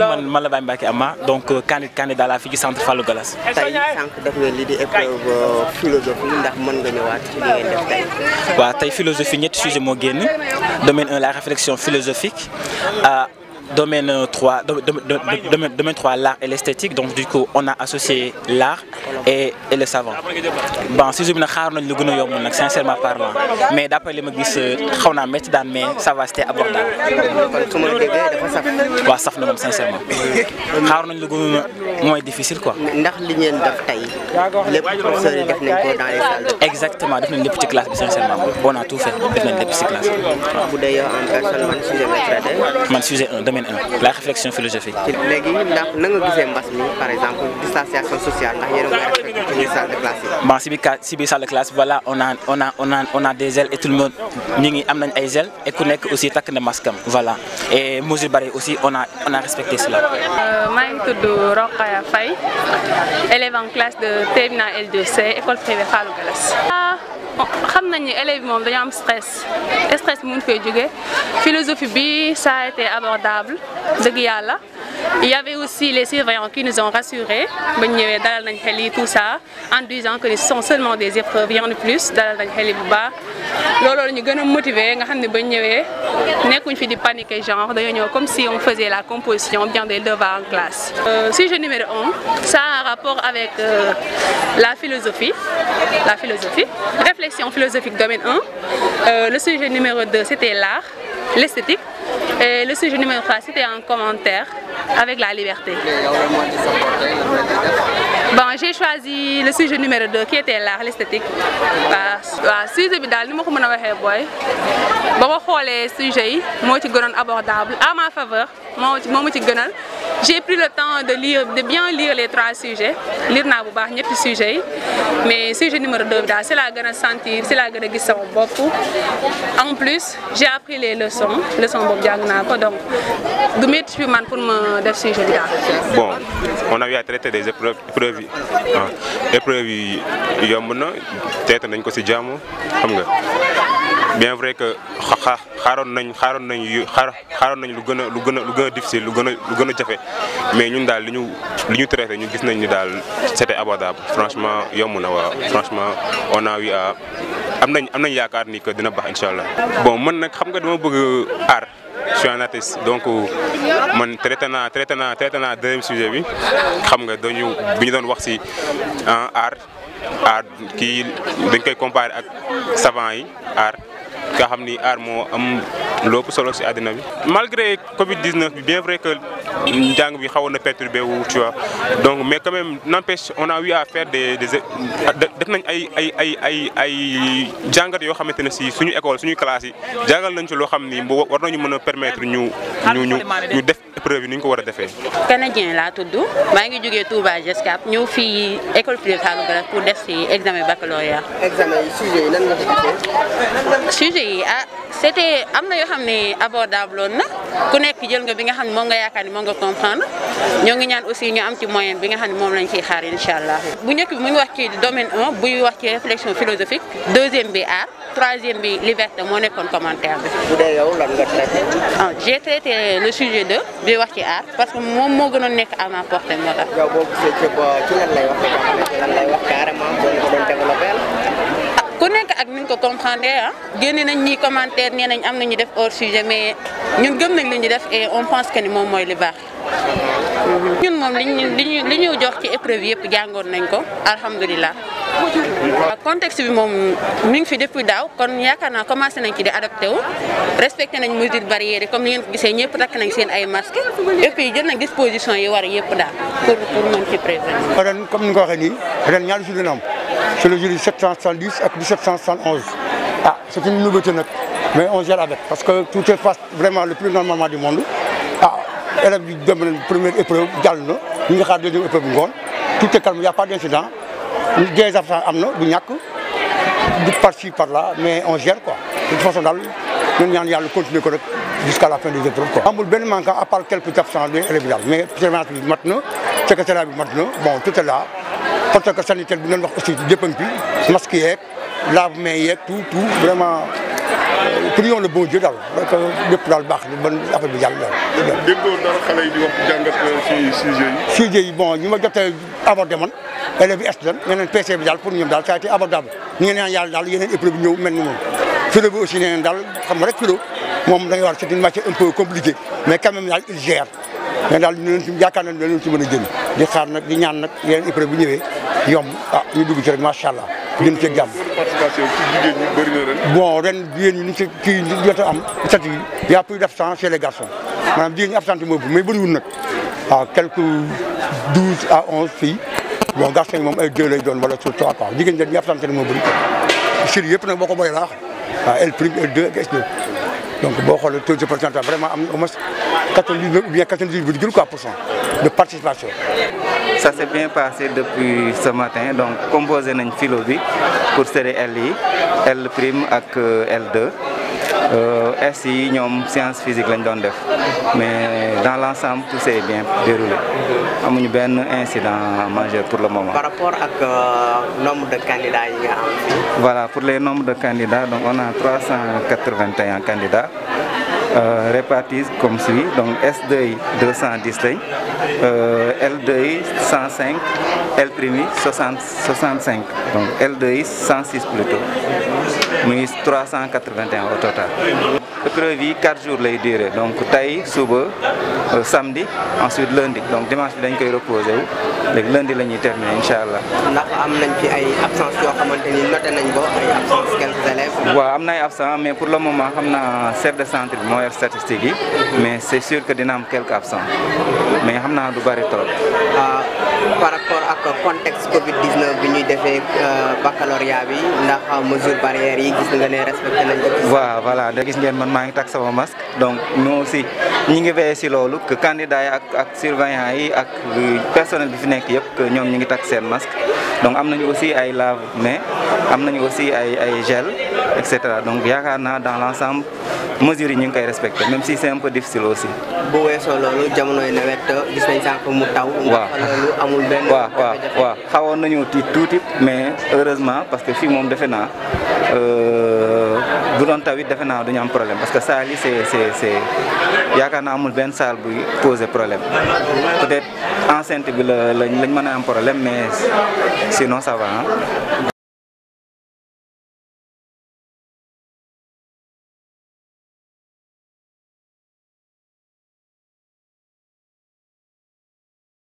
man man la Baye Mbacke Ama donc euh, candidat laa fi ci centre Fallou Gallas. Eh, tey eh. sànq def nga lii di épreuve euh, philosophie ndax mën nga ñëwaat waa li ngeen def tey. waaw tey philosophie ñetti sujet moo génn domaine 1 la réflexion philosophique. Euh, domaine 3, domaine, domaine 3 l'art et l'esthétique. Donc du coup, on a associé l'art et, et, le savant. Bon, si je me suis sincèrement parlant, mais d'après les magis, on a mettre dans mais ça va rester abordable. Ouais, ça fait même sincèrement. Harnon le goût moins difficile quoi. Les professeurs dans les salles. Exactement, dans les petites classes sincèrement. On a tout fait dans les petites classes. Vous d'ailleurs en personne, man sujet, man sujet 1, domaine domaine la réflexion philosophique. léegi ndax na mi par exemple distanciation sociale ndax yéen a ngi respecté ci biir salle de classe yi. bon si biir cas si voilà on a on a on a des gels et tout le monde am nañ ay gel et ku nekk aussi takk na masque am voilà et mesure bari aussi on a a respecté cela. Euh, maa ngi tudd Rokhaya Faye élève en classe de terminale L2C école privée Fallou Galass. xam nañ ni élèves moom dañoo am stress stress bi mun fee jóge philosophie bi ça a été abordable dëgg yàlla Il y avait aussi les surveillants qui nous ont rassurés, tout ça, en disant que ce sont seulement des épreuves, rien de plus, dalal nañ xel yi bu baax. loolu la ñu gën a motiver nga xam ne ba ñëwee nekkuñ fi di paniquer genre dañoo ñëw comme si on faisait la composition bien des devoirs en classe. Euh, sujet numéro un rapport avec euh, la philosophie la philosophie réflexion philosophique domaine 1 euh, le sujet numéro c'était l'art l'esthétique. Et le sujet numéro 3, c'était un commentaire avec la liberté. Bon, j'ai choisi le sujet numéro 2 qui était l'art, l'esthétique. waaw sujet bi daal ni ma ko mën a waxee booy ba ma xoolee sujet yi moo ci gënoon abordable à ma faveur moo moo ma ci gënal j'ai pris le temps de lire de bien lire les trois sujets lire na bu baax ñetti sujets yi mais sujet numéro 2 bi daal la laa gën a sentir si la gën a gis sama bopp en plus j'ai appris les leçons leçons boobu jàng naa ko donc du métti man pour ma def sujet bi bon on a eu à traiter des épreuves épreuves yi ah épreuves yi yomb na traité nañ ko si jàmm xam nga. bien vrai que xa xaaroon nañ xaaroon nañ yu xaaroon nañ lu gën a lu gën lu gën a difficile lu gën a lu gën a jafe mais ñun daal li ñu li ñu traité ñu gis nañ ni daal c'était abordable franchement yomb na waaw franchement on a eu à am nañ am nañ yaakaar ni que dina baax incha allah. bon man nag xam nga dama bëgg aar. je suis donc mën traité naa traité naa traité naa deuxième sujet bi xam nga dañu bi ñu doon wax ci art ah, art kii dañ koy comparer ak savant yi aar nga xam ni aar moo am lépp solo si àddina bi. malgré Covid 19 bi bien vrai que njàng bi xawoon na perturbé wu tu vois donc mais quand même n'empêche on a eu à faire des des def nañ ay ay ay ay ay jàngat yoo xamante ne si suñu école suñu classe yi jàngal nañ ci loo xam ni war nañu mën a permettre ñu ñu ñu def. épreuve ni ñu ko war a defee. canadien laa tudd maa ngi jógee Touba Gescap ñëw fii école privée Fallou Galass pour def si examen baccalauréat. examen yi sujet yi nan ah, am na yoo xam ne abordable woon na ku nekk jël nga bi nga xam ne moom nga yaakaar ni moom nga comprendre ñoo ngi ñaan aussi ñu am ci moyen bi nga xam ne moom lañ ciy xaar incha allah. bu njëkk bi mu ngi wax ci domaine 1 buy wax ci réflexion philosophique deuxième bi art troisième bi liberté moo nekkoon commentaire bi. bu dee di wax ci aar parce que moom moo gën a nekk à ma portée moo tax. yow boo gisee ci ci ah, ku nekk ak ni ko comprendre ah génne nañ ñi commentaire nee nañ am na ñu def hors sujet mais ñun gëm nañ li ñu def en on pense que ni moom mooy li baax. Ah. ñun moom li ñu li ñu jox ci épreuve yëpp jàngoon nañ ko alhamdulilah. contexte bi moom mi ngi fi depuis daaw kon yaakaar naa commencé nañ ci di adapté wu respecté nañ mesures barrières comme ni ngeen ko gisee ñëpp takk nañ seen ay masques et puis jël nañ disposition yi war yëpp daal pour pour mën ci prévenir. ren comme ni ko waxee nii ren ñaari jours dina am ah, nag mais on gère avec parce que tout se passe vraiment le plus normalement du monde. élèves yi dem nañ première épreuve jàll na ñu ngi xaar deuxième épreuve ngoon tout est calme y' pas d' incident des absents am na du ñàkk du par ci par là mais on gère quoi de toute façon daal ñun ñaan yàlla continuer ko rek jusqu'à la fin des épreuves quoi. amul benn manquant à part quelques absents des élèves mais séance bi mat na secrétariat bi mat na bon tout est là protocole sanitaire bi ñu doon wax aussi jëppam bi masque yeeg lave main yeeg tout tout vraiment. prions le bon Dieu daal parce que lépp daal baax na man affaire bi yàlla daal. déggoo dara xale yi di wax jàngat ci euh, sujet yi. sujet yi bon ñu ma jot a abordé man élèves yi est lan yeneen PC daal pour ñoom daal ça a été abordable ñu ngi naan yàlla yeneen épreuve bi ñëw mel ni moom. philo bi aussi nee daal xam nga rek philo moom da ngay wax c'est une un peu compliquée mais quand même daal il gère mais daal ñu leen si yaakaar nañ ne leen si mën a jënd di xaar nag di ñaan nag yeneen épreuve bi ñëwee yomb ah, ñu dugg ci rek macha jëm ca jàmm. participation ren. bon ren jigéen ñi ñu ci kii jot a am sat yi y a plus d'absents chez les garçons maanaam jigéen ñi absenté mooy mais bëriwul nag waaw quelques douze a onze filles bon garçons yi moom ay deux lay doon wala sur trois quoi jigéen ñi ñu absenté moo bëri boo ko boolee laax waaw ah, L prime L deux ak S2 donc boo xoolee taux de pourcentage vraiment am na au moins quatre-vingt-dix-neuf de participation. ça s'est bien passé depuis ce matin donc composé nañ filo bi pour serrer L yi L prime ak euh, L2 euh, S yi ñoom science physique lañ doon def mais dans l' ensemble tout bien déroulé amuñu benn incident majeur pour le moment. par rapport ak euh, nombre de candidats yi nga am fii. voilà pour les nombres de candidats donc on a 381 candidats répartis comme suit donc S2 yi cent lañ. L2I euh, 105 L' 60 65 donc L2I 106 plutôt muy 381 au total. épreuve yi 4 jours lay durer donc tey suba. Euh, samedi ensuite lundi donc dimanche bi dañ koy reposé wu léegi lundi la ñuy terminer incha allah. ndax am nañ fi ay absence yoo xamante ni noté nañ ko ay absence quelques élèves. waaw am na ay absence mais pour le moment xam na chef de centre bi moo yor statistique yi mais c'est sûr que dina am quelques absents mais xam naa du bari trop. Ah, par rapport ak contexte Covid 19 bi ñuy defee euh, baccalauréat bi ndax mesure barrière yi gis nga ne respecté nañ ko. waaw voilà da gis ngeen man maa ngi takk sama mask donc ñoo aussi ñi ngi veillé si loolu que candidat yi ak ak surveillant yi ak personnel bi fi nekk yëpp que ñoom ñi ngi takk seen masque. donc am nañu aussi ay lave mais am nañu aussi ay ay gel et cetera donc yaakaar naa dans l' ensemble mesures yi ñu ngi koy respecté même si c' est un peu difficile aussi. boo weesoo loolu jamonoy nawet gis nañ sànq mu taw. waaw loolu amul benn. waaw waaw waaw xawoon nañu tiit tuuti mais heureusement parce que fii moom defe naa. Euh, bu doon taw it defe naa duñu am problème parce que saal yi c'est c'est c'est yaakaar naa amul benn saal buy poser problème peut-être enceinte bi la lañ lañ mën a am problème mais sinon ça va